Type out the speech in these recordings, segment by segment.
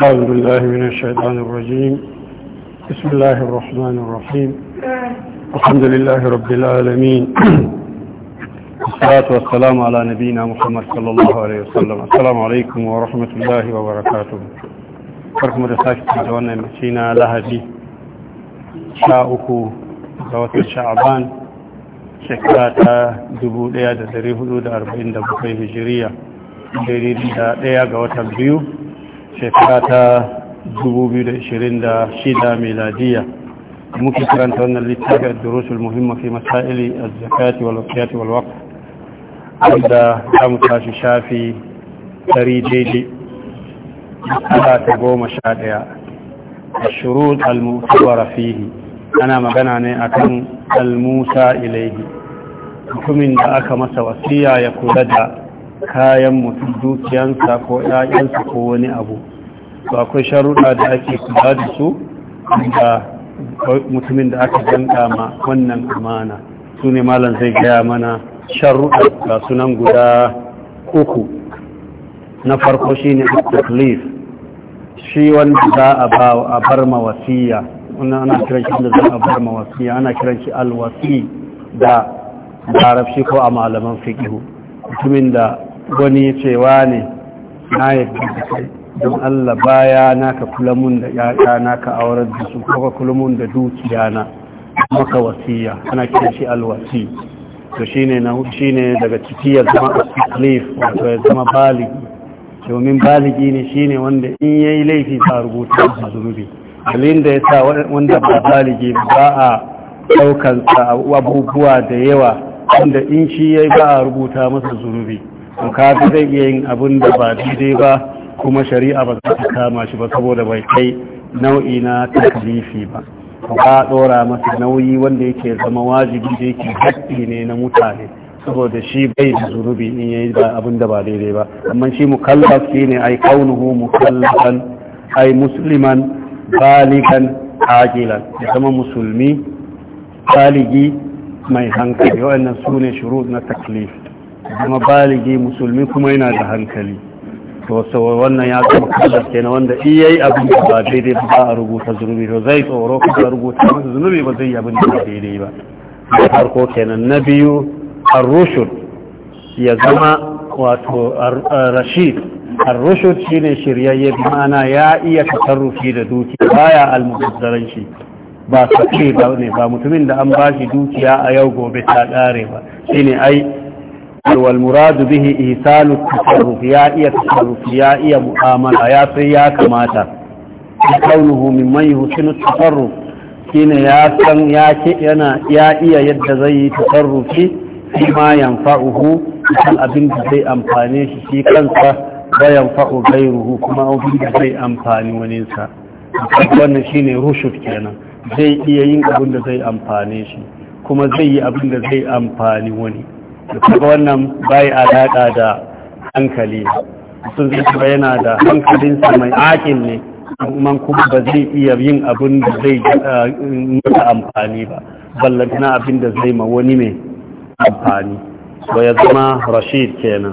أعوذ بالله من الشيطان الرجيم بسم الله الرحمن الرحيم الحمد لله رب العالمين الصلاة والسلام على نبينا محمد صلى الله عليه وسلم السلام عليكم ورحمة الله وبركاته فركم رساكة جوانا مشينا دي شاءكو زوات الشعبان شكاتا دبو ليا دريه دود أربعين دبو هجرية دريه دا ليا قوة البيو shekara ta 2026 miladiya muke karanta wannan littafin da durusul muhimma fi masaili a zakati wal wasiyati wal waqf wanda za mu tashi shafi 100 daidai matsala ta goma sha ɗaya a shirut al-mutuwara fihi ana magana ne akan al-musa ilaihi mutumin da aka masa wasiya ya kula da kayan mutum dukiyansa ko ƴaƴansa ko wani abu to akwai sharuɗa da ake kula da su da mutumin da aka danka ma wannan amana su ne malam zai gaya mana sharuɗa ga sunan guda uku na farko shine taklif shi wanda za a ba a bar ma ana kiran shi da za a bar ma ana kiran shi alwasi da larabci ko a malaman fiƙihu mutumin da wani cewa ne na yadda kai don Allah baya na ka kula mun da yaya na ka aurar da su ko ka kula mun da dukiya na maka wasiya ana kira shi alwasi to shine na shine daga ciki ya zama asif wato ya zama baligi domin baligi ne shine wanda in yayi laifi ba rubuta da zunubi dalilin da yasa wanda ba baligi ba a daukan abubuwa da yawa wanda in shi yayi ba a rubuta masa zurubi to fi zai iya yin abin da ba daidai ba kuma shari'a ba za ta kama shi ba saboda bai kai nau'i na takalifi ba to ka dora masa nauyi wanda yake zama wajibi da yake haƙƙi ne na mutane saboda shi bai da zunubi in yayi ba abin da ba daidai ba amma shi mukallaf shine ai kaunuhu mukallafan ai musliman baligan ajilan ya zama musulmi baligi mai hankali wa'annan su ne shuru na taklif kuma baligi musulmi kuma yana da hankali to sau wannan ya zama kallar ke na wanda iya yi abin da ba daidai ba a rubuta zunubi to zai tsoro kuma rubuta zunubi ba zai yi abin da ba daidai ba Har farko kenan na biyu ar ya zama wato rashid ar-rushd shine shiryayye ma'ana ya iya tasarrufi da dukiya baya al shi ba sakai ba ne ba mutumin da an bashi dukiya a yau gobe ta kare ba shine ai والمراد به إيصال التصرف يا إيا تصرف يا إيا مؤاملة يا سيا كماتا كونه ممن يحسن التصرف حين يا سن يا كينا يا إيا يد زي تصرفي فيما ينفعه كان أبن زي أمفانيش في كنسة وينفع غيره كما أبن زي أمفاني وننسى wannan shine rushud kenan zai iya yin abin da zai amfane shi kuma zai yi abin da zai amfani wani Kuma wannan bai alaƙa da hankali sun zai yana da hankalinsa mai aƙin ne man kuma ba zai iya yin abin da zai eh, mata amfani ba ballantana abin da zai ma wani mai amfani ba ya zama rashid kenan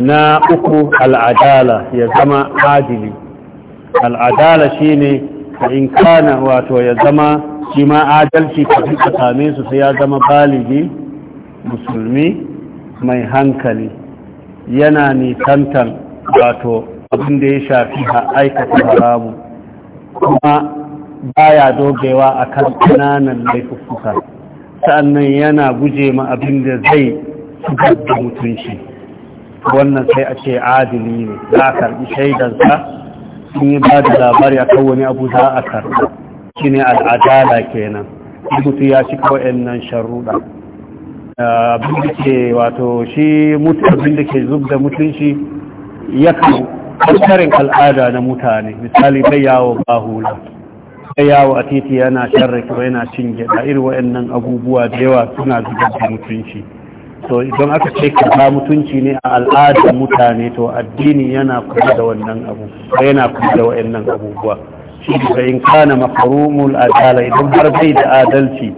na uku al'adala ya zama adili al'adala shi ne ka in kana wato ya zama shi ma adalci kafin ka same su sai ya zama baligi musulmi mai hankali yana tantan wato abin da ya shafi a aikata haramu kuma baya dogewa a kan ƙananan laifuka sa'annan yana guje ma abin da zai zubar da mutunci wannan sai a ce adili ne za a karbi shaidarsa sun yi ba da labari a kan wani abu za a karɓi shi ne al'adala kenan mutu ya ci kawai nan sharuɗa abin da ke wato shi abin da ke zub da mutunci ya kankarin al'ada na mutane misali bai yawo ba hula bai yawo a titi yana sharraki wa yana cin gyada irin waɗannan abubuwa da yawa suna zubar da mutunci to idan aka ce ka mutunci ne a al'adar mutane to addini yana kula da wannan abu yana kula da waɗannan abubuwa shi da in kana makarumul adala idan har bai da adalci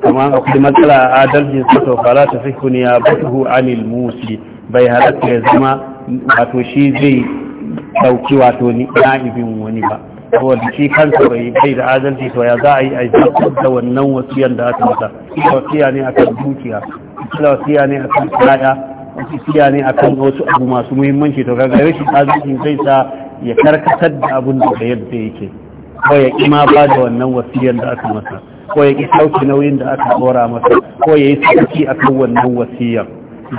kuma akwai matsala adalci sato fara ta fi kuniya batuhu anil musi bai halatta ya zama wato shi zai dauki wato ni na'ibin wani ba saboda shi kansa bai bai da adalci to ya za a yi aiki da wannan wasiyan da aka masa wasiya ne akan dukiya wasiya ne akan kaya wasiya ne akan wasu abu masu muhimmanci to kaga rashin adalci zai sa ya karkatar da abun da yadda yake ko ya kima ba da wannan wasiyan da aka masa ko ya ƙi sauki nauyin da aka tsora masa ko ya yi sauki a kan wannan wasiyar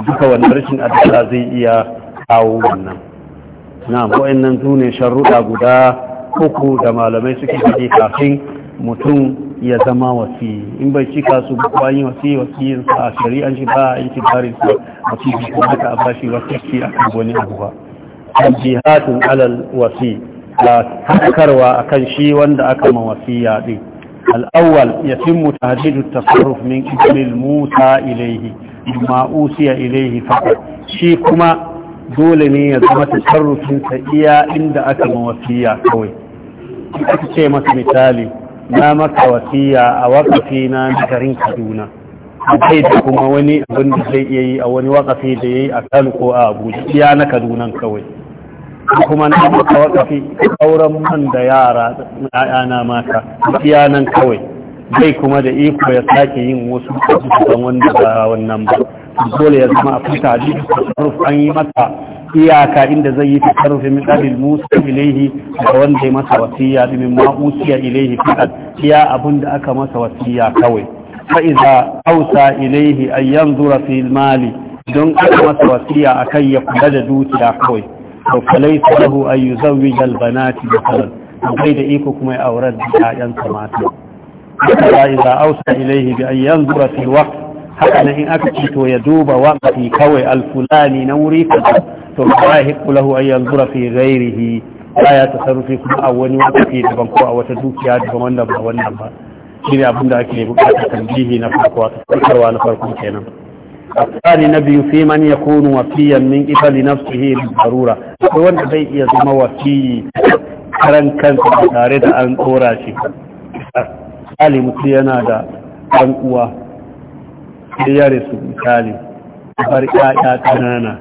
duka wannan rashin adala zai iya kawo wannan na nan su ne ruɗa guda uku da malamai suke gaji kafin mutum ya zama wasi in bai cika su ba yi wasi wasiyin sa a shari'an shi ba a yi tibarin sa a cikin kuma aka bashi shi a kan wani abu ba jihatin alal wasi da takarwa akan shi wanda aka ma wasiya yaɗi الأول يتم تهديد التصرف من قبل الموتى إليه ما أوسي إليه فقط شي كما دول ne ya zama tasarrufin sa iya inda aka mawasiya kawai aka ce masa misali na maka wasiya a wakafi na garin Kaduna akwai da kuma wani abin da zai iya yi a wani wakafi da yayi a Kano ko a Abuja iya na Kaduna kawai kuma na maka wakafi sauran man da yara ya'yana mata iya nan kawai zai kuma da iko ya sake yin wasu kusurban wanda ba wannan ba dole ya zama a fita an yi mata iyaka inda zai yi tasarrufi min dalil musa ilaihi da wanda ya masa wasiya min ma usiya ilaihi fakat iya abin da aka masa wasiya kawai fa iza ilaihi an yanzura fi mali don aka masa wasiya akan ya kula da dukiya kawai to falai lahu an yuzawwij al banati masalan bai da iko kuma ya aurar da ƴaƴan sa mata haka idza awsa ilayhi bi an yanzura fi waqt haka in aka ci to ya duba waqti kawai al fulani na wuri kaza to ba ya hiqu lahu an yanzura fi ghairihi ba ya tasarrufi kuma a wani waqti daban ko a wata dukiya daban wanda ba wannan ba shine abin da ake bukatar tambihi na farko a na farko kenan الثاني نبي في من يكون وفيا من قبل نفسه بالضرورة وان بي يزم وفي كران كان تارد أن أوراشي قال مسلينا دا عن قوة يارس مثالي فرقا تنانا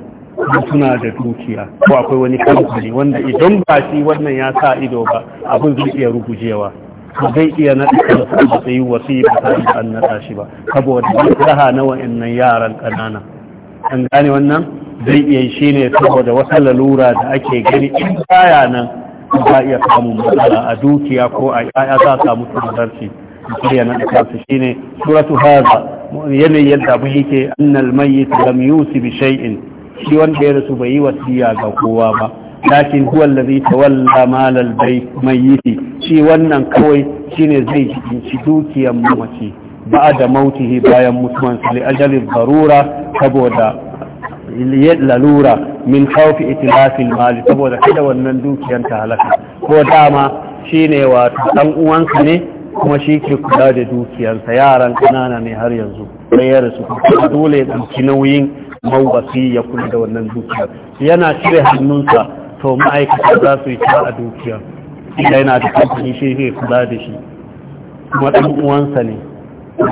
suna da dukiya ko akwai wani kamfani wanda idan ba shi wannan ya sa ido ba abin zai iya rugujewa ba zai iya naɗa kansa zai yi wasi ba ta yi an naɗa shi ba saboda raha na wa'annan yaran ƙanana an gane wannan zai iya shi ne saboda wata lalura da ake gani in baya nan ba iya samun matsala a dukiya ko a ya za a samu tsanarci ya naɗa kansa shi ne suratu haza yanayin yadda abu yake annal mayyit lam yusi bi shay'in shi wanda ya rasu bai yi wasiya ga kowa ba lakin huwa allazi tawalla malal bayt mayyiti shi wannan kawai shine zai jikinci dukiyar mamaci ba'da mautihi bayan mutuwansa li ajali darura saboda lalura min khawfi itlafil mal saboda kada wannan dukiyar ta halaka ko dama shine wato dan uwansa ne kuma shi ke kula da dukiyarsa yaran kanana ne har yanzu sai ya rasu dole ya ɗauki nauyin mawasi ya kula da wannan dukiyar yana cire hannunsa to ma'aikata za su yi ta a dukiya inda yana da kamfani shi zai kula da shi kuma ɗan uwansa ne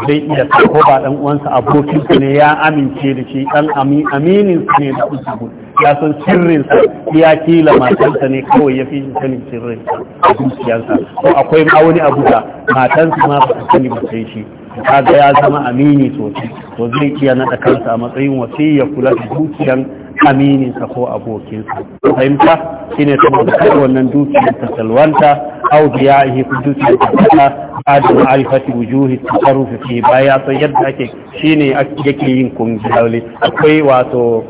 zai iya ko ba ɗan uwansa abokinsa ne ya amince da shi ɗan su ne da usubu ya san sirrinsa ya kila matansa ne kawai ya fi sanin sirrinsa a dukiyarsa ko akwai ma wani abu da matansa ma ba ta sani ba sai shi kaga ya zama amini sosai to zai iya naɗa kansa a matsayin ya kula da dukiyan amininsa ko abokinsa fahimta shine saboda kai wannan dukiyar ta salwanta au biyahi ku dukiyar ta kasa adu ma'rifati wujuhi tasarrufi fi bayan san yadda ake shine yake yin kungiyar akwai wato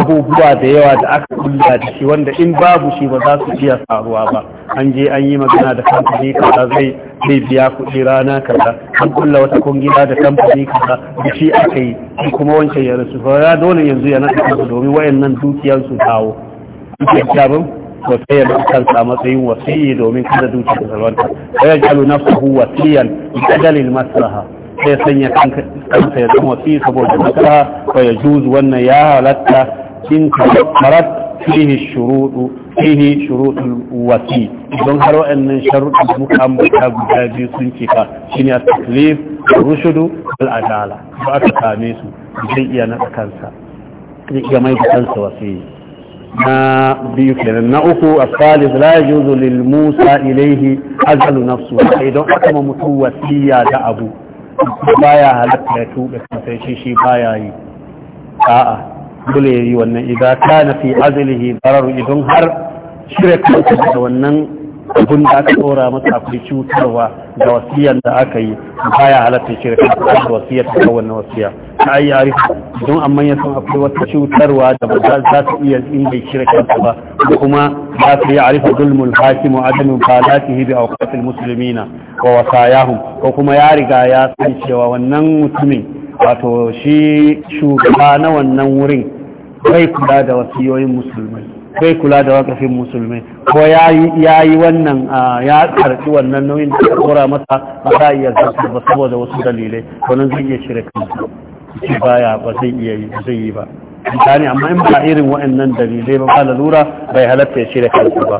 abubuwa da yawa da aka kulla da shi wanda in babu shi ba za su iya faruwa ba an je an yi magana da kamfani kasa zai zai biya kuɗi rana kaza an kulla wata kungiya da kamfani kasa da shi aka yi kuma wancan ya rasu ba ya dole yanzu ya naɗa kansu domin wayannan dukiyar su dawo abin ya yana kansa matsayin wasi'i domin kada dukiyar salwanta wa ya jalo wasiyan adalil maslaha sai sanya kansa ya zama fi saboda maslaha ko ya juzu wannan ya halatta in karat fihi shuruɗu fihi shuruɗul wasi don har wa'annan sharuɗin da muka ambata guda biyu sun cika shine at-taklif rushudu wal adala ba aka same su zai iya naɗa kansa zai iya mai kansa wasi na biyu kenan na uku asalis la yajuzu lil musa ilayhi azalu nafsu idan aka mutu wasiya da abu baya halatta ya tuɓe kansa shi shi baya yi a'a dole ya yi wannan idan kana fi azlihi bararu idan har shirya kansa da wannan abin da aka tsora masa akwai cutarwa da wasiyar da aka yi baya halatta shirka da wasiyar ta wannan wasiya ta ayi arifa don amma ya san akwai wata cutarwa da ba za ta iya in bai shirka ba kuma za ta yi arifa zulmul hakim wa adamin falatihi a awqatil musulmina wa wasayahum ko kuma ya riga ya san cewa wannan mutumin wato shi shugaba na wannan wurin bai kula da wasiyoyin musulmai bai kula da wakafin musulmi ko ya yi wannan ya karɓi wannan nauyin da kora masa ba za iya zarta ba saboda wasu dalilai nan zai iya shirya kansa ci baya ba zai iya yi zai yi ba mutane amma in ba irin waɗannan dalilai ba lura bai halatta ya shirya kansu ba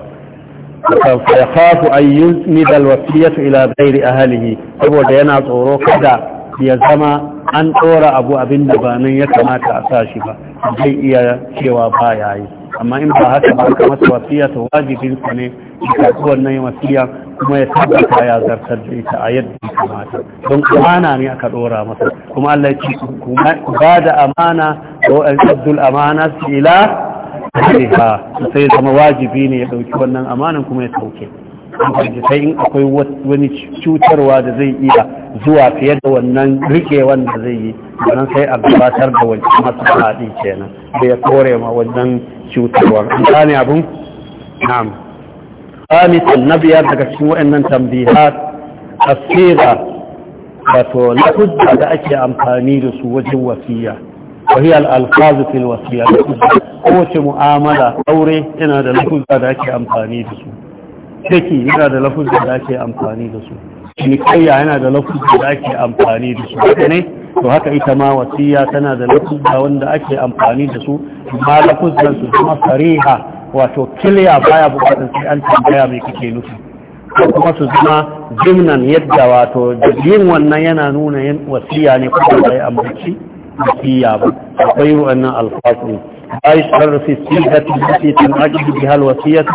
ya kafu an yi nidal wasiyatu ila gairi halihi saboda yana tsoro kada ya zama an tsora abu abin da ba nan ya kamata a sa shi ba zai iya cewa ba ya yi amma in ba haka ba ka masa wasiya to wajibin sa ne ka karɓi wannan wasiya kuma ya tabbata ya zartar da ita a yadda ya kamata don amana ne aka ɗora masa kuma Allah ya ce ku ba da amana ko al-abdul amana ila ahliha sai zama wajibi ne ya dauki wannan amanan kuma ya sauke sai in akwai wani cutarwa da zai iya zuwa fiye da wannan rike wanda zai yi wannan sai a gabatar da wancan masu faɗi kenan da ya kore ma wannan cutarwar an gane abin na'am khamisan nabiya daga cikin wayannan tambayar tafsira wato la hujja da ake amfani da su wajen wasiya wa hiya al alfaz fil mu'amala aure yana da la da ake amfani da su take yana da la da ake amfani da su nikayya yana da lafuzi da ake amfani da su haka ne to haka ita ma wasiya tana da lafuzi wanda ake amfani da su ma lafuzan su kuma sariha wato kiliya baya bukatun sai an tambaya mai kike nufi ko kuma su zama jimnan yadda wato yin wannan yana nuna yin wasiya ne kuma bai ambaci wasiya ba akwai wannan alfasu لا يشعر في الصيغة التي تنعقد بها الوصية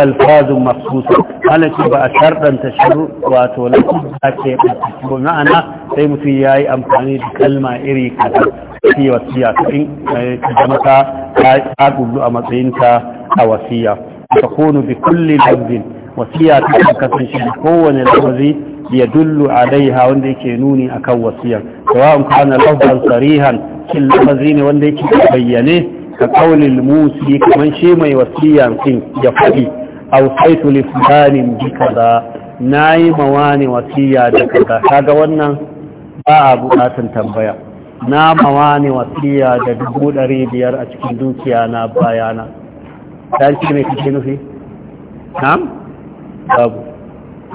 ألفاظ مخصوصة هل تبقى شرطا تشر وتولد بمعنى سيم في ياي أمكاني كلمة إري كذا في وصية كما تقول أمتينك وصية تكون بكل لفظ وصية كتنشي كون لفظ يدل عليها وندك نوني أكو وصية سواء كان لفظا صريحا كل لفظين وندك بيانه ka kaulil musi kamar shi mai wasiya din ya faɗi awsaitu li fulanin bi kaza mawa ne wasiya da kaza kaga wannan ba a buƙatar tambaya na ne wasiya da dubu ɗari biyar a cikin dukiya na bayana ta ce mai kake nufi na'am babu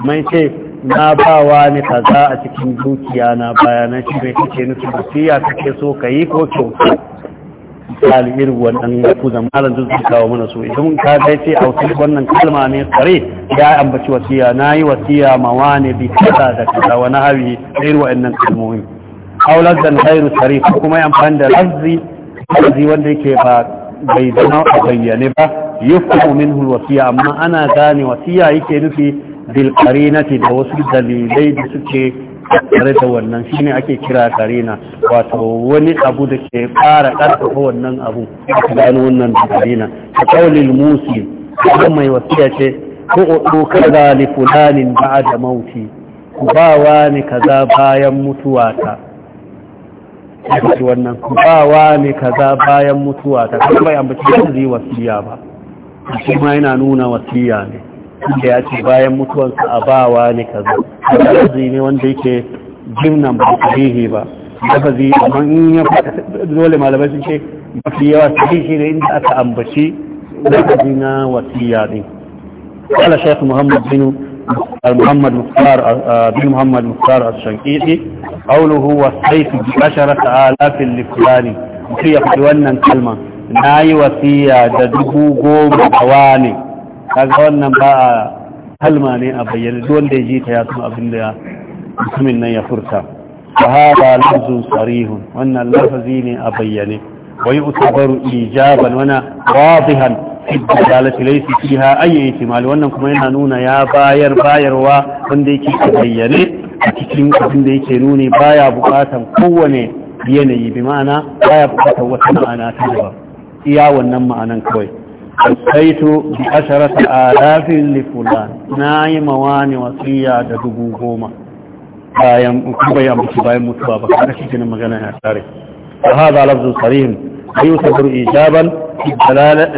mai ce na ba wa ne kaza a cikin dukiya na bayana shi mai kake nufi wasiya kake so ka yi ko kyauta misali irin wannan kuzan malam zai kawo mana su idan ka dai ce a wasu wannan kalma ne tsare ya ambaci wasiya na yi wasiya ma wane bi kaza da kaza wani hawi irin wa'annan kalmomi da na ghairu tsare ko kuma amfani da lazzi lazzi wanda yake ba bai zama a bayyane ba yufhamu minhu alwasiya amma ana gane wasiya yake nufi bil qarinati da wasu dalilai da suke tare da wannan shi ne ake kira karina wato wani abu da ke fara ƙarfafa wannan abu a gano wannan karina a kawalin musi kuma mai wasiya ce ko o kaza li fulanin da mauti ba wani kaza bayan mutuwata ake wannan ba kaza bayan mutuwata kuma bai ambaci zai wasiya ba shi ma yana nuna wasiya ne inda ya ce bayan mutuwansa a bawa ne ka zo ne wanda yake jimna ba sahihi ba ya fa zai amma in ya fata dole malamai sun ce mafi yawa sahihi ne inda aka ambaci na kaji na wasiya ne kala shaikh muhammad binu al-muhammad muftar bin muhammad muftar al-shanqiti qawluhu wa sayfi bi bashara ta'ala fi al-fulani sai ya fadi wannan kalma nayi wasiya da dubu goma a wani kaga wannan ba a halma ne a bayyana duk wanda ya ji ta ya san abin da mutumin nan ya furta fa hada lafzun sarihun wannan lafazi ne a bayyane Wai yu'tabaru ijaban wana wadihan fi dalalati laysa fiha ayi ihtimal wannan kuma yana nuna ya bayar bayarwa wanda yake a bayyane a cikin abin da yake nuni baya bukatan kowane yanayi bi ma'ana baya bukatan wata ma'ana ta daban iya wannan ma'anan kawai أتيت بأشرة آلاف لفلان ناي مواني وصية تدبوهما بايام أكبر يامك بايام متبابا أنا كتنا مغانا يا ساري وهذا لفظ صريح أي يصبر إيجابا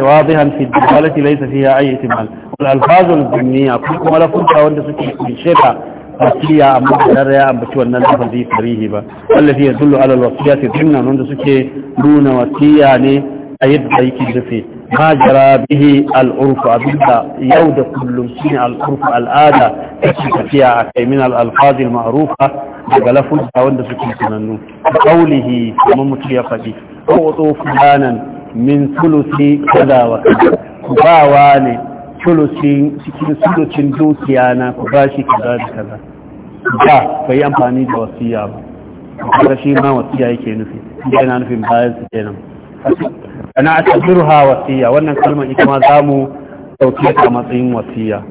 واضحا في الدلالة ليس فيها أي اتمال والألفاظ الدنيا كلكم على فرصة وانت سكيت من شبع وصية أمور جارة أم بشوى النظف الذي صريح والذي يدل على الوصية ضمن وانت سكي دون وصية يعني أيد بيك جفيت ma bihi al'urfu abinda yau da kullum shi ne al'urfu al'ada ta ke tafiya a kai min al'alfazil ma'arufa daga lafuzza wanda suke sanannu kaulihi kuma mutu ya faɗi ko wato fulanan min sulusi kaza wa kaza ku ba wa ne cikin sulucin dukiya na ku ba shi kaza da kaza ba bai amfani da wasiya ba kuma shi ma wasiya yake nufi yana nufin bayan su kenan ana atabiruha wasiya wannan kalmar ita ma mu ɗauke ta matsayin wasiya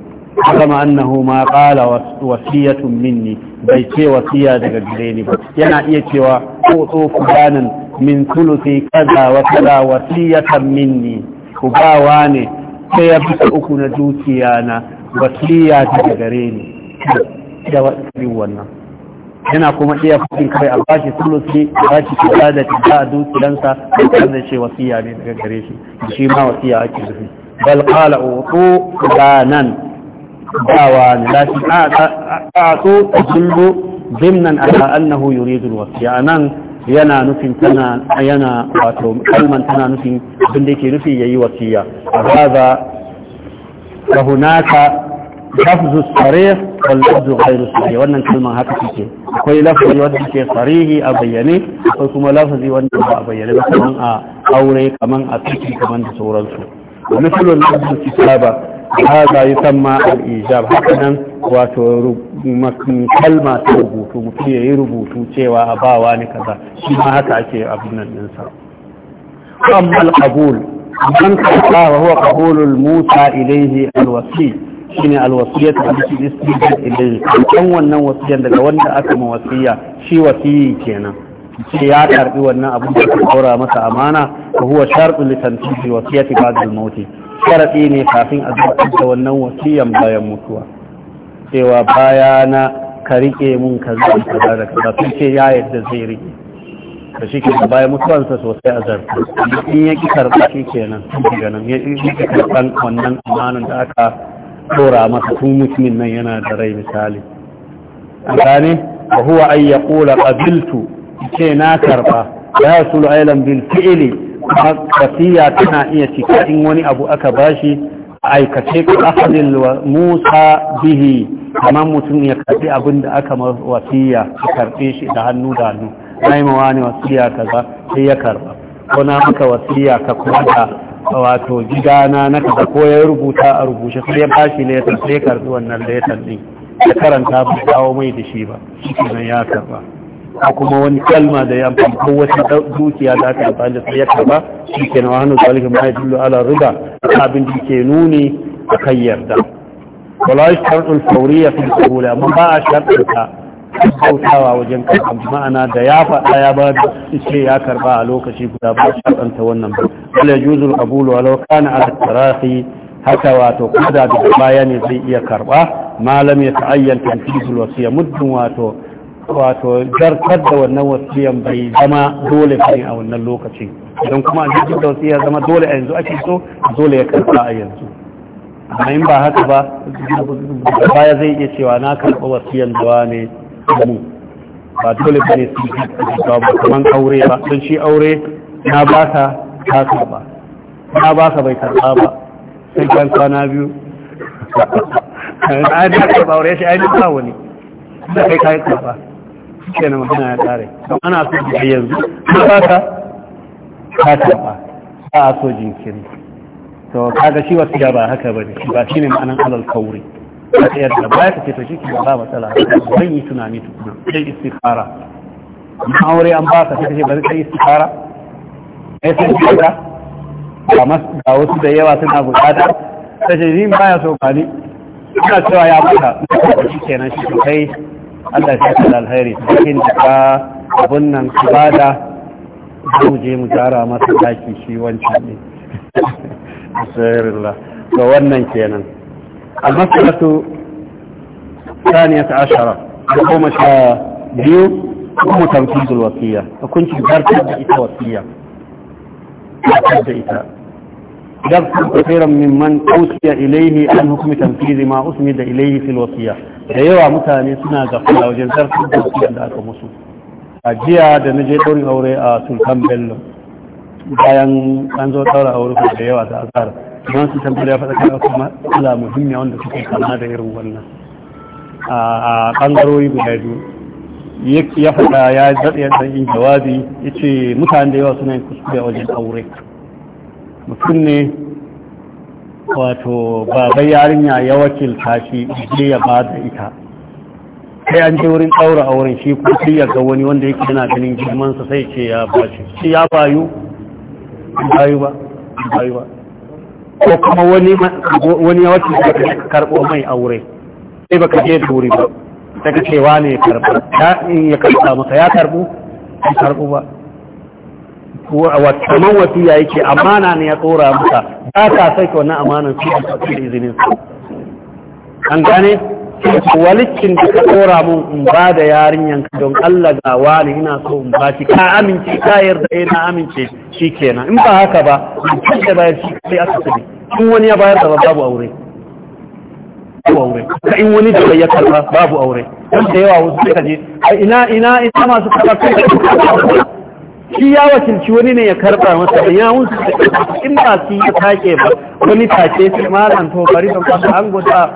kama annahu ma qala wasiyatun minni bai ce wasiya daga gare ni ba yana iya cewa ko so fulanan min thuluthi kaza wa kaza wasiyatan minni ku ba ne sai ya bisa uku na dukiya na wasiya daga gare ni da wannan yana kuma iya fadin kai albashi sulusi albashi kaza da ta dukiyansa da kan ce wasiya ne daga gare shi da shi ma wasiya ake nufi bal qala utu banan dawa ne lakin a to jindu dimnan ala annahu yuridu alwasiya anan yana nufin tana yana wato kalman tana nufin abin da yake nufi yayi wasiya hadha fa hunaka lafzu sarih واللفظ غير sahih wannan kalman haka take akwai lafazi wanda ke sarihi a bayyane akwai kuma lafazi wanda ba a bayyane ba kaman a aure kaman a tsiki kaman da sauransu مثل kitaba الكتابة هذا al-ijab hakanan wato kalma ta rubutu mutum ya rubutu cewa a bawa ne kaza shi ma haka ake abin nan ɗinsa amma al-qabul man karɓa wa huwa qabulul musa ilayhi al-wasi shine alwasiyya ta bi isbidin ilayhi kan wannan wasiyyan daga wanda aka ma wasiyya shi wasiyi kenan ce ya karbi wannan abin da aka dora masa amana ko huwa shartu shi wasiyar ta ba al-maut sharadi ne kafin a zuwa da wannan wasiyyan bayan mutuwa cewa bayana ka rike mun kaza kaza da ka sun ce ya yadda zai rike ka shi ke bayan mutuwansa sosai a zarfi in ya ƙi karɓa shi kenan ganin ya ƙi karɓan wannan amanin da aka ɗora masa tun mutumin nan yana da rai misali gane wa huwa an ya ƙula ƙabiltu ce na karɓa ya su ailan bil fi'ili wasiya tana iya cika in wani abu aka bashi a aikace ka asalin musa bihi kamar mutum ya karbi abin da aka wasiya ya karbe shi da hannu da hannu na yi mawa ne wasiya kaza sai ya karɓa ko na maka wasiya ka kuma da wato gidana na kaza ko ya rubuta a rubuce sai ya bashi letar sai ya karbi wannan letar din ya karanta ba dawo mai da shi ba shi ya karba a kuma wani kalma da ya amfani wata dukiya da aka amfani da sai ya karba shi ke wa hannu zalika ma yadullu ala riba abin da ke nuni akan yarda wala shar'ul ya fi qabul amma ba a shar'ata bautawa wajen karɓar ma'ana da ya faɗa ya ba da ce ya karɓa a lokaci guda ba shi karɓanta wannan ba wala juzul qabulu walau kana ala tarahi haka wato koda da baya ne zai iya karɓa malam ya ta'ayyan tanfizul wasiya muddin wato wato zartar da wannan wasiyan bai zama dole ne a wannan lokaci idan kuma a jirgin da wasiya zama dole a yanzu ake so dole ya karɓa a yanzu amma in ba haka ba baya zai iya cewa na karɓa wasiyan da ne mu ba dole ba ne su ba ba kaman aure ba don shi aure na ba ka ta karba na ba ka bai karba ba sai kan kwana biyu an da karba aure shi ainihin ba wani da kai ka yi karba shi na magana ya tsare don ana so da yanzu na ba ka ta karba ba a so jinkiri to kaga shi wasu ya ba haka ba ne ba shi ne ma'anan alal kauri a tsayar da baya ka ce to shi ba matsala zan yi tunani tukuna zai istikara amma an ba ka ta ce ba zai istikhara ai sai ka ga ga wasu da yawa suna bukata ta ce ni ba ya so ka ni ina cewa ya mata shi kenan shi kai Allah ya saka alheri cikin da ka abun nan ibada mu je mu tara masa daki shi wancan ne. Bismillah. To wannan kenan. المسألة الثانية عشرة يقوم شابيو kuma tamfizul wasiya hukuncin zartar da ita wasiya zartar da ita dabtu kafiran mimman usiya ilaihi an hukumi tamfizi ma usmi da ilaihi fil wasiya da yawa mutane suna gafala wajen zartar da da aka musu a jiya da na je ɗaurin aure a sultan bello bayan an zo ɗaura aure da yawa da azhar don su tambar ya faɗa kana kuma ala muhimmiya wanda suke kama da irin wannan a ɓangarori guda biyu ya faɗa ya daɗe ya ɗan jawabi ya ce mutane da yawa suna yin kuskure a wajen aure mutum ne wato babai yarinya ya wakilta shi je ya ba da ita sai an je wurin ɗaura auren shi ko sai ya ga wani wanda yake yana ganin girmansa sai ce ya ba shi ya bayu bayu ba bayu ba ko kuma wani wani wacce ka karɓo mai aure sai baka je da wuri ba ta ka cewa ne ya karbo ta in ya karɓa masa ya karɓo ya karɓo ba ya wasiya yake amana ne ya tsora masa ba ta sai ka wannan amanan su da izinin su an gane walikin da ka tsora mun in ba da yarinyan ka don Allah ga wani ina so in ba ki ka amince ka yarda eh na amince shi kenan in ba haka ba in da bayar shi sai aka tabi in wani ya bayar da babu aure aure ka in wani da ya karba babu aure dan da yawa wasu suka je ina ina ina masu karba kai shi ya wakilci wani ne ya karba masa da yawun su da in ba su yi take ba wani take su malam to bari ban kwasa an guda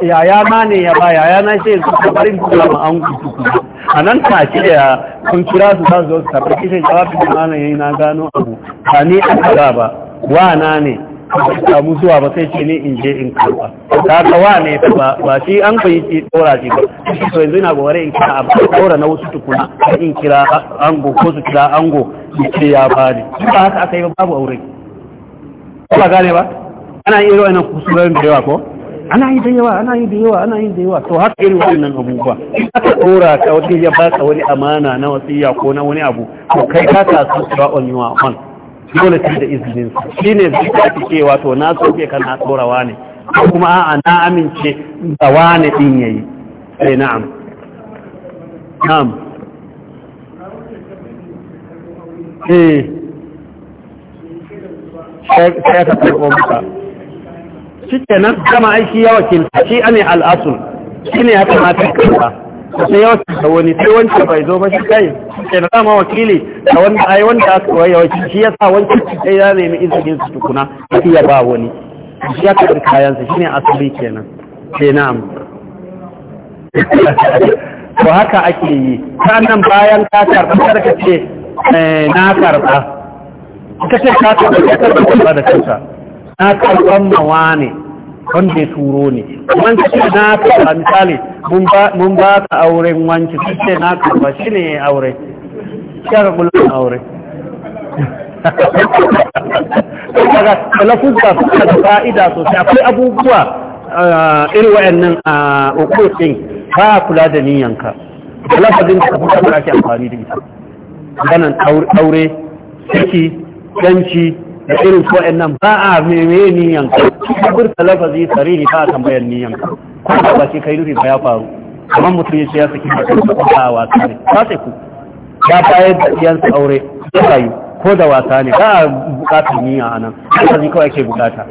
yaya na ne ya ba yaya na ce su bari su kula ma an gudu a nan take da kun kira su za zo su karɓi kishin jawabin malam yi na gano abu ba ni aka ba wa na ne samu zuwa ba sai ce ne in je in karba ta kawa ne ba shi an yi tsora shi ba to yanzu ina gore in kira abu tsora na wasu tukuna in kira ango ko su kira ango su ce ya bani ba haka aka yi babu aure ba gane ba ana yi irin wannan kusurin da yawa ko ana yi da yawa ana yi da yawa ana yi da yawa to haka irin wannan abubuwa aka tsora ka wani ya baka wani amana na wasiya ko na wani abu to kai ka tasu tsora on your own dole ce da izinin su shine zai ta ce wato na ke ka na tsorawa ne kuma a'a na amince da wani din yayi sai eh, na'am na'am eh sai ka karɓo ba shi nan gama aiki ya wakilta shi ne al'asul shi ne ya kamata ka da sai yawanci da wani sai wancan bai zo ba shi kai sai na zama wakili da wanda ai wanda aka waye wakili shi yasa wancan sai ya nemi izinin su tukuna sai ya ba wani shi ya karɓi kayansa shine asali kenan sai na na'am to haka ake yi sannan bayan ka karba, kar ka ce eh, na karɓa ka ce ka karɓa ka karɓa da kansa na karban mawa ne wanda ya turo ne man ce na ka misali mun ba ka auren wancan, su ce na ka ba shi ne aure shi aka kullum aure Daga da lafuzza suna da fa'ida sosai akwai abubuwa eh, irin wa'annan eh, a ukukin ba kula da niyanka da lafazin da kuma kamar ake amfani da ita ganan aure ciki, ganci da irin ko nan ba a meme niyan ka burka lafazi sarihi ba a tambayar niyan ka ko da ba ke kai nufi ba ya faru kamar mutum ya ce ya saki da kuma a wasa ne ba sai ku ya bayar da sa aure ya rayu ko da wasa ne ba a bukatar niyya a nan lafazi kawai ake bukata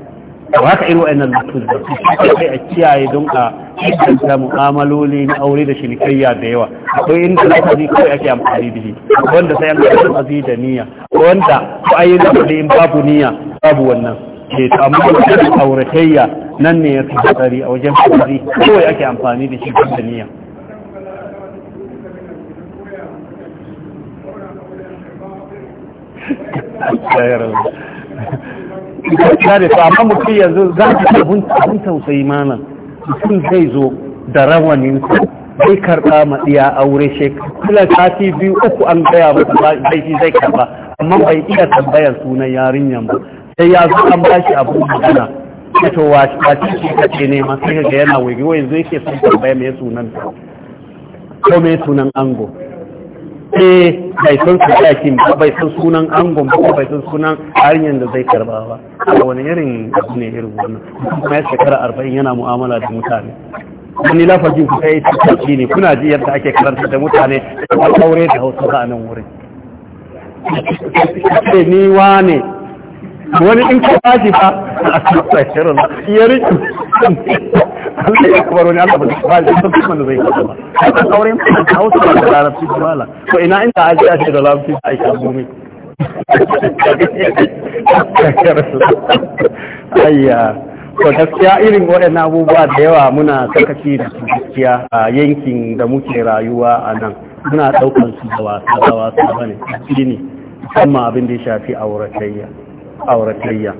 to haka irin wa'annan lokacin da suke sai a kiyaye don a kanta mu'amaloli na aure da shinikayya da yawa akwai inda lafazi kawai ake amfani da shi wanda sai an ga lafazi da niyya wanda ko ayi da in babu niyya babu wannan ke eh, to amma wajen auratayya nan ne ya fi tsari a wajen lafazi kawai ake amfani da shi da niyya Thank you. kare su amma mutum yanzu za ka tausayi mana mutum zai zo da rawanin zai karɓa maɗiya aure shekula sati biyu uku an gaya masa zai zai karɓa amma bai iya tambayar sunan yarinyan ba sai ya zo an ba shi abun magana ya to wace ce kace ne ma sai ga yana wege wai zai ke son tambaya mai sunan ko mai sunan ango sai bai san sadakin ba bai san sunan angon ba bai san sunan hanyar da zai karba ba a wani irin abu ne irin wannan kuma ya shekara arba'in yana mu'amala da mutane wani lafazin ku sai ne kuna ji yadda ake karanta da mutane da aure da hausa a nan wurin ce wani in ka bashi ba ya Allah ya kubar wani Allah ba ba sun kuma zai ba hausa ba ina a ce da a gumi ayya to gaskiya irin waɗannan abubuwa da yawa muna sakaci da gaskiya a yankin da muke rayuwa a nan muna ɗaukar su da wasa da wasa bane ne musamman abin da ya shafi auratayya auratayya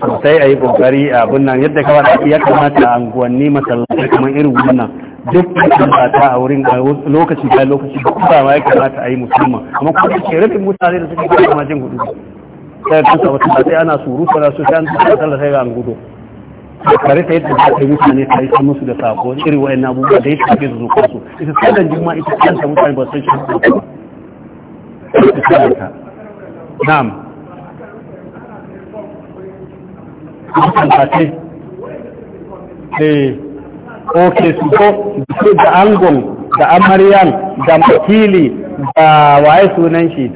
sosai a yi kokari a nan yadda kawai ya kamata a anguwanni masallatai kamar irin wannan duk mutum ba ta a wurin lokaci bayan lokaci ba kuma ma ya kamata a yi musamman amma kuma ke rufin mutane da suke kuma jin hudu sai ta sa wata sai ana surutu da su sai an tsaya sai ga an gudu kare ta yadda za ta yi mutane ta yi musu da sako irin na abubuwa da ya tafi da zuwa su ita sallan juma'a ita kanta mutane ba su san shi ba na'am Oke eh ok su da angon da amaryan da makili da waye sunan shi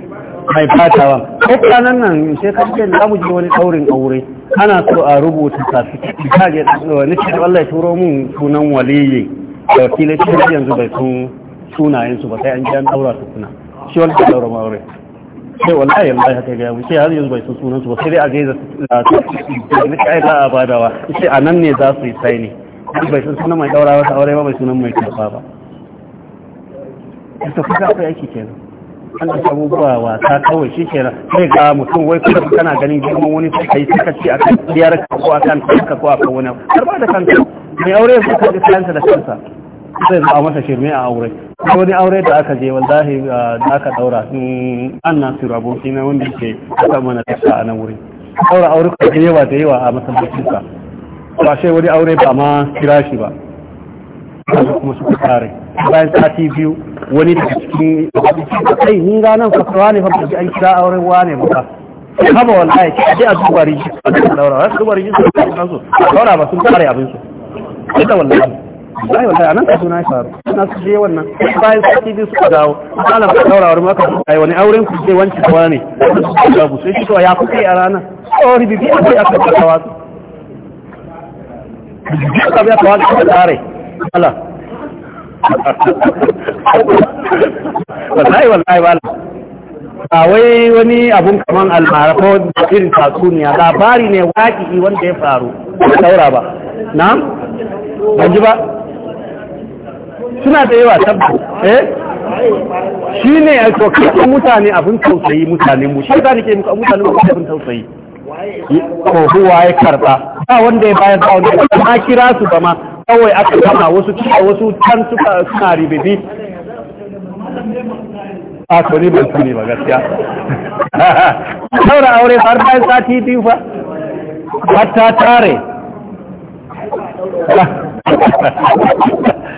mai fatawa ko kanan nan ce za mu ji wani daurin aure ana so a rubuta ta ta kage wani shi Allah ya turo mun sunan waliyi da wakilai shi yanzu bai sun sunayen su ba sai an ji an daura su kuna shi wani daura aure sai wallahi bai haka ga mu sai har yanzu bai san sunan su ba sai dai a gaida da kai za a badawa sai anan ne za su yi sai ne bai san sunan mai daura wata aure ba bai sunan mai kafa ba ita kuka akwai aiki kenan an da abubuwa wasa kawai shi kenan sai ga mutum wai kuma kana ganin girman wani sai kai suka ce a kan ka ko akan ka ko akan wani har ba da kanka mai aure ya fuka da kansa da kansa sai za a masa shirme a aure ko wani aure da aka je wallahi ah, da aka daura mm, an na su shi na wanda ke aka mana tafiya a nan wuri daura aure ka da yawa da yawa a masallacin ka ba sai wani aure ba ma kira shi ba kuma su kare bayan sati biyu wani da cikin kai ni ranar fasawa ne fa an kira auren wane ba haba wallahi sai a duba rijista a daura wasu duba rijista a daura ba sun kare abin su ita wallahi zai wallahi anan kasu na faru na su je wannan bayan suka dawo malam daura maka ai wani auren ku je wanki ne sai to ya kuke a a aka ka ka wallahi wallahi wai wani abun kaman ko irin tatsuniya labari ne waƙi wanda ya faru ba ba na? ba ji ba suna da yawa tabbas eh shi ne eh, a tsokakin mutane abin tausayi mutane mu shi za nake muka mutane mu abin tausayi ko huwa ya karba ba wanda ya bayar ba wanda ya kira su ba ma kawai aka kama wasu cika wasu can suka suna ribibi a to ne ban sani ba gaskiya saura aure har bayan sati biyu fa hatta tare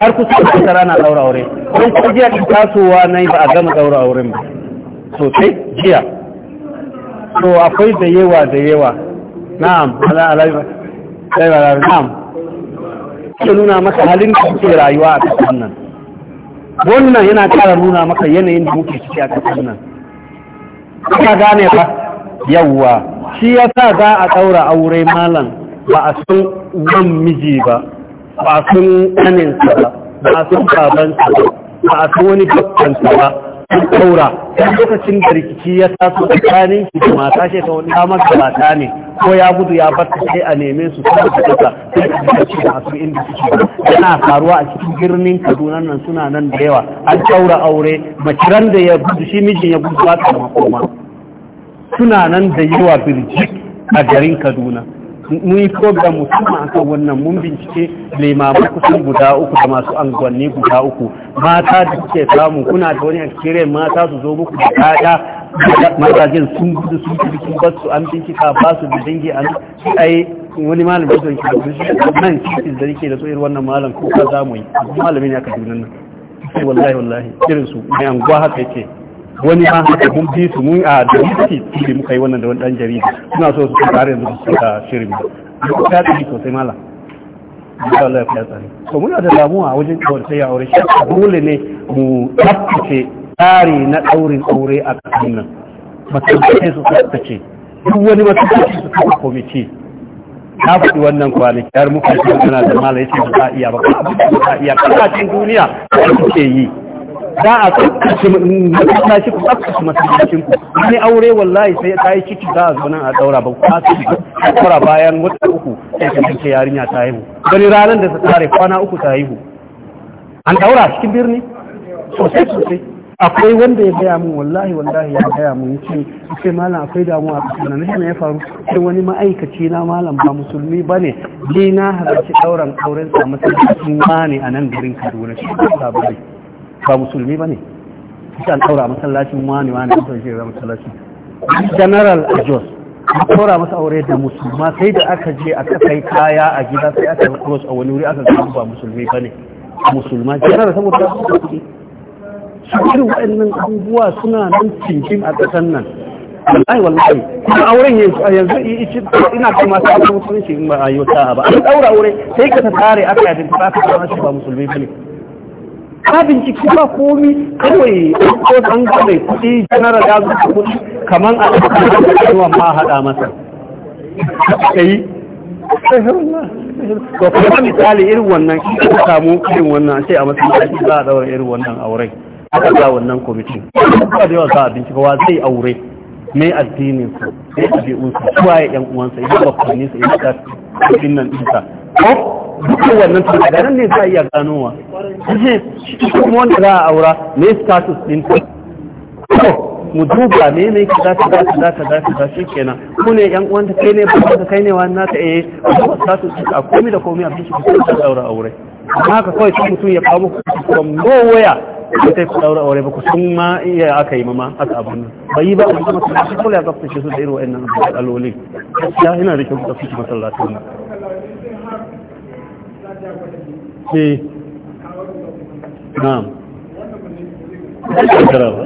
har kusa da tara na daura aure don ko jiya ki tasowa na yi ba a gama daura auren ba So sai jiya to akwai da yawa da yawa na'am ala ala sai ba na'am ke nuna maka halin da kuke rayuwa a kasan nan wannan yana kara nuna maka yanayin da muke ciki a kasan nan Kuma gane ba yawwa shi yasa za a daura aure malam ba a san wan miji ba ba sun ɗaninsa ba ba sun babansa ba ba sun wani bakkansa ba sun ɗaura ɗan lokacin da rikici ya taso tsakanin ki da mata shi ta wani damar gabata ne ko ya gudu ya bar sai a neme su suna da kasa sai ka fita ci masu inda suke yana faruwa a cikin birnin kaduna nan suna nan da yawa an ɗaura aure maciran da ya gudu shi mijin ya gudu ba ta makoma suna nan da yawa birjik a garin kaduna mun yi program musamman kan wannan mun bincike limamai kusan guda uku da masu angwanni guda uku mata da kuke samu kuna da wani experience mata su zo muku da kada mazajen sun gudu sun fi bikin basu an bincika ba su da dangi an ai wani malam da yake da shi nan shi da yake da tsoyar wannan malam ko ka zamu yi malami ne aka dunan nan wallahi wallahi irin su mai anguwa haka yake wani ma haka mun bi su mun a da yake tili muka yi wannan da wani dan jarida suna so su kare yanzu su ta shirin ba ta tsari sosai mala insha Allah ya tsare to muna da damuwa a wajen sai ya aure shi dole ne mu tsaftace tsari na daurin aure a kasan nan matsalolin su tsaftace duk wani matsalolin su kawo komiti na faɗi wannan kwanaki har muka yi suna da mala ya ce ba iya ba ba iya kasashen duniya da suke yi za a mutane shi ku tsakashi masallacin ku wani aure wallahi sai ta yi ciki za a zo nan a daura ba ku asiri a daura bayan wata uku sai ka mace yarinya ta haihu gani ranar da ta tare kwana uku ta haihu an daura cikin birni sosai sosai akwai wanda ya gaya mun wallahi wallahi ya gaya mun ce ce malam akwai damuwa a cikin nan ya faru sai wani ma'aikaci na malam ba musulmi bane ni na halarci ɗaurin auren samun masallacin ma ne a nan garin Kaduna shi ba. ba musulmi ba ne suka an ɗaura masallacin wani wani a kan shirya masallacin general a jos an ɗaura masa aure da musulma sai da aka je a kai kaya a gida sai aka yi cross a wani wuri aka zama ba musulmi ba ne musulma general saboda ya suka kuɗi su irin waɗannan abubuwa suna nan cikin a ƙasan nan wallahi wallahi kuma auren yanzu yanzu ina kuma masu aka musulunci in ba a yi wata ba an ɗaura aure sai ka ta tare aka yi ba aka kama shi ba musulmi ba ne ka binciki ba komi kawai ko an gane kuɗi janar da zuwa kuɗi kamar a cikin ma haɗa masa kai to kuma misali irin wannan shi ka samu irin wannan sai a matsayin za a daura irin wannan aure. aka ga wannan kwamitin ba da yawa za a bincika wa zai aure mai addinin su mai ɗabi'un su kuwa ya ƴan uwansa ba bakwanni su ya kasu cikin nan ɗinsa ko dukkan wannan su da nan ne za a iya ganowa kaje shi kuma wanda za a aura me status ta, ko mu duba ne ne ka za ta za ta za ta ta shi kenan ku ne ƴan uwanta kai ne ba ka kai ne na nata eh ba status din a komi da komi a bishi ku ta aura aure amma haka kawai sai mutum ya kawo muku kuma mu waya ba ta ku daura aure ba ku sun ma iya aka yi mama aka abin bai ba kuma kuma su kula ga shi su da irin wa'annan aloli ya ina da kyau da su masallacin nan eh na'am zai gagara ba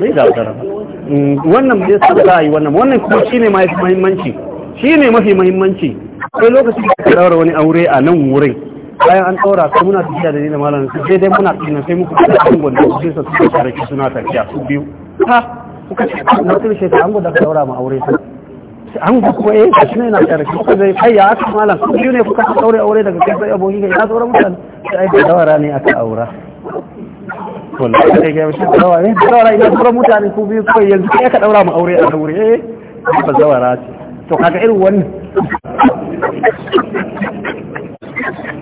zai gagara ba mm, wannan bai su da yi wannan wannan kuma shine mafi muhimmanci shine mafi muhimmanci sai lokacin da ka daura wani aure a nan wurin bayan an tsora sai muna tafiya da ni da malamin sai dai muna tsina sai muku da an gwanda su sai su tare ki suna tafiya su biyu ha kuka ce ah, na tun shi an gwanda ka daura ma aure su an gwanda ko eh shi ne na tare ki ko zai kai ya aka malam su biyu ne kuka ka daure aure daga kai sai aboki kai ya tsora mutane sai ai dawara ne aka aura wallahi sai ga shi dawara ne dawara ina tsora mutane ku biyu ko yanzu kai ka daura ma aure a aure eh ba zawara ce to kaga irin wannan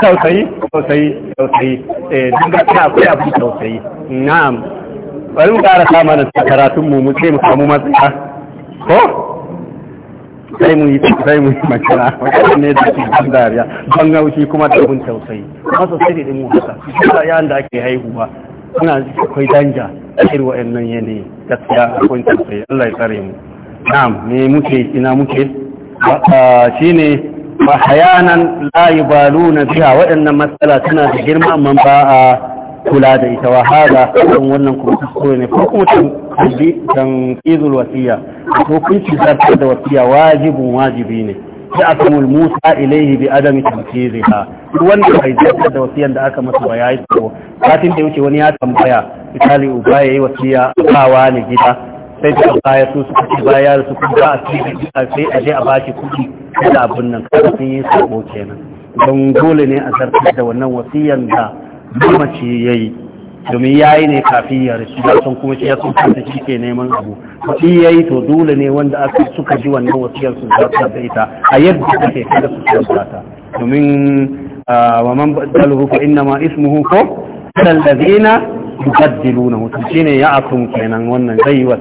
tausayi tausayi tausayi eh duk gaskiya akwai abin tausayi na'am bari mu ƙara sa mana karatun mu mu ce mu samu matsaya ko sai mu yi sai mu yi makara makara ne da ke ban dariya ban gaushi kuma da abin tausayi masa sai da mu haka shi yayin da ake haihuwa suna akwai danja a irin wa'annan yanayi gaskiya akwai tausayi Allah ya tsare mu na'am me muke ina muke ah, ah, shi ne wa hayanan la biya waɗannan matsala suna da girma amma ba a kula da ita wa hada kan wannan kuma so ne ko kuma tambi izul wasiya ko kunci da wasiya wajibin wajibi ne ya aka mul musa ilaihi bi adam tanqiziha wanda bai zartar da wasiyan da aka masa bayani ko satin da wuce wani ya tambaya misali uba yayi wasiya kawa ne gida sai da baya su suka baya da ba a cikin sai a je a bashi kuɗi da abin nan kada sun yi sabo kenan don dole ne a zartar da wannan wasiyan da mamaci ya yi domin ya yi ne kafin ya rashi ba sun kuma shi ya sun kanta shi ke neman abu shi ya yi to dole ne wanda aka suka ji wannan wasiyar su zartar da ita a yadda kake kada su zartar domin ah, wa man badaluhu fa inna ma ismuhu ko alladhina yubaddiluna to shine ya akum kenan wannan zai wa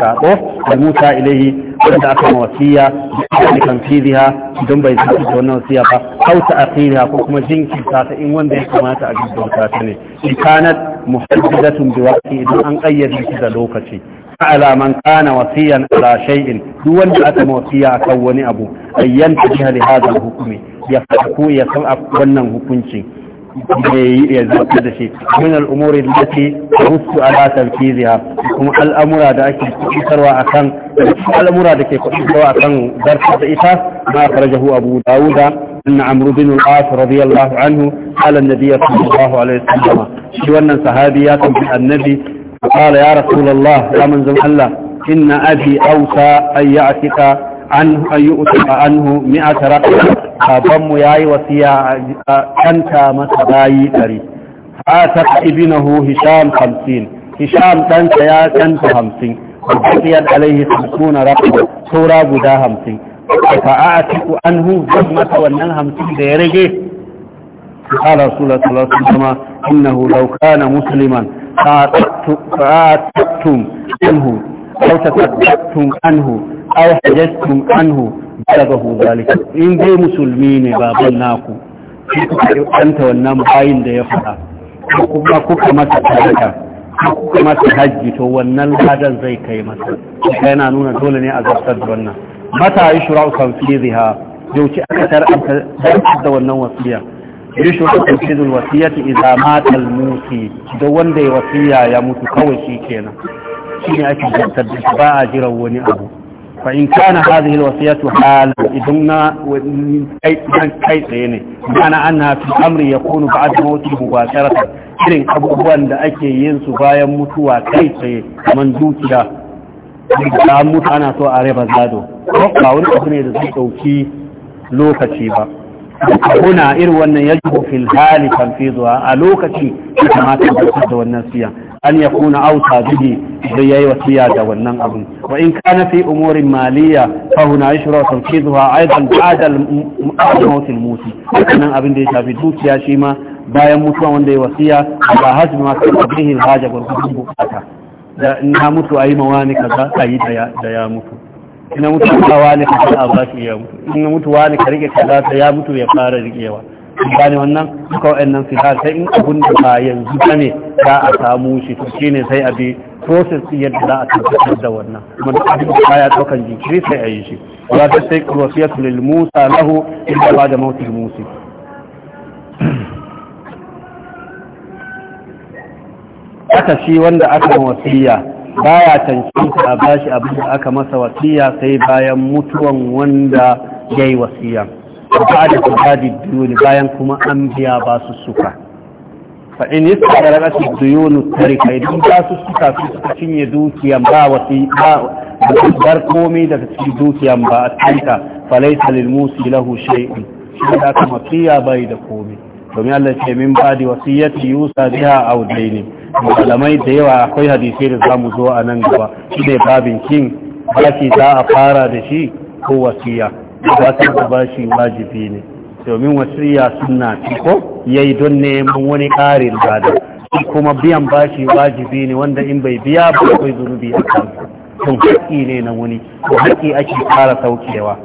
sabo da Musa ilaihi wanda aka wasiya da kan fidiha don bai zaɓi da wannan wasiya ba Hau ta akhiriha ko kuma jinkirta sata, in wanda ya kamata a gaggauta ta ne in kanat muhaddatun bi waqti idan an kayyade shi da lokaci ala man kana wasiyan ala shay'in duk wanda aka wasiya akan wani abu ayyanta ta jihar hadha hukumi ya fako ya san wannan hukuncin ya zarta da shi min al'umuri da ke musu ala tarkiziya kuma al'amura da ake kuɗitarwa a kan al'amura da ke kuɗitarwa a kan zarta da ita ma farajahu abu dawuda أن عمرو بن العاص رضي الله عنه قال النبي صلى الله عليه وسلم شو sahabi ya النبي annabi يا ya الله يا من زم الله إن أبي أوصى أن an ayyuta anhu mi'ata raqaba babanmu yayi wasiya kanta masa bayi a atat ibnahu hisham Hamsin, hisham ɗansa ya kanta 50 bakiyar alaihi suna raqaba saura guda 50 fa atiku anhu masa wannan hamsin da ya rage قال رسول الله صلى الله عليه na إنه لو كان مسلما فأعتقتم عنه أو تصدقتم عنه أو حجزتم عنه بلغه ذلك إن دي مسلمين بابن ناكو أنت والنام باين دي يفعل kuma kuka masa tarika kuka masa hajji to wannan ladan zai kai masa yana nuna dole ne a zartar da wannan mata yi shura'u tanfiziha yauci aka tar'anta da wannan wasiya yi shura'u tanfizul wasiyati idza mata da wanda ya wasiya ya mutu kawai shi kenan shi ne ake jantar da ba a jiran wani abu fa in kana hadhihi alwasiyatu hal idan na kai tsaye ne ana anna fi amri yakunu ba'da mawti mubasharatan irin abubuwan da ake yin su bayan mutuwa kai tsaye kamar dukiya da mutu ana so a raba gado ba wani abu ne da zai dauki lokaci ba huna irin wannan yajibu fil hali tanfizuha a lokaci kamata da wannan siyan an ya kuna auta bihi zai yayi wasiya da wannan abin wa in kana fi umurin maliya fa huna yashra tawkidha aidan ba'da al-maut al-musi wannan abin da ya shafi dukiya shi ma bayan mutuwa wanda ya wasiya ba hajji ma ka bihi al-haja gurgurun bukata da in ha mutu ayi mawani kaza ayi da ya mutu ina mutu wani ka a ba shi ya mutu ina mutu wani ka rike kaza ya mutu ya fara rikewa gane wannan suka wa'annan sigar sai in abun da ba yanzu ba ne za a samu shi to shi ne sai a bi process yadda za a tabbatar da wannan kuma duk abin da baya ɗaukan jinkiri sai a yi shi wala ta sai wasiyatu lil musa lahu illa ba da mautil Musa. aka shi wanda aka wasiya baya cancanta a bashi abin da aka masa wasiya sai bayan mutuwan wanda ya yi wasiya ba da kubadi duyuni bayan kuma an biya ba su suka fa in istara rasu duyuni tarika idan ba su suka su suka cinye dukiyan ba wasi ba bar komai daga cikin dukiyan ba a tsinta fa laysa lil musi lahu shi da ka bai da komai domin Allah ce min ba da wasiyati yusa biha aw daini malamai da yawa akwai hadisi da zamu zo a nan gaba shi ne babin kin ba za a fara da shi ko wasiya gabatar da bashi wajibi ne domin wasiya suna ko yayi don neman wani ƙarin gada kuma biyan bashi wajibi ne wanda in bai biya ba akwai zunubi a kan don haƙƙi ne na wani ko haƙƙi ake fara saukewa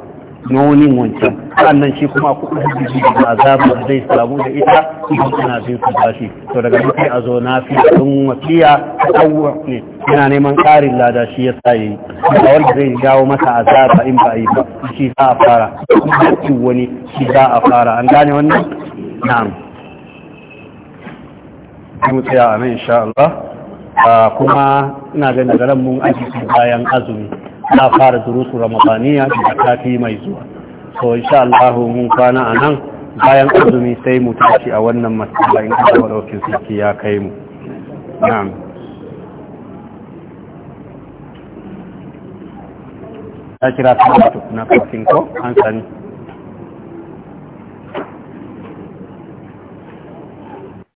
nonin wancan sannan shi kuma ku ubiji da azabu zai samu da ita idan ana bin su bashi to daga mutai sai a zo na fi sun wasiya tawwa ne yana neman ƙarin lada shi ya sa yi a wanda zai jawo masa azaba in ba yi ba shi za a fara kuma wani shi za a fara an gane wannan na'am mu tsaya a nan insha Allah ah, kuma ina ganin garan mun aiki bayan azumi na fara durusu ramadaniya da tafi mai zuwa so insha Allah mun kwana anan, nan bayan azumi sai mu tashi a wannan matsala in Allah madaukin saki ya kai mu na'am ta kira ta na kafin ko an sani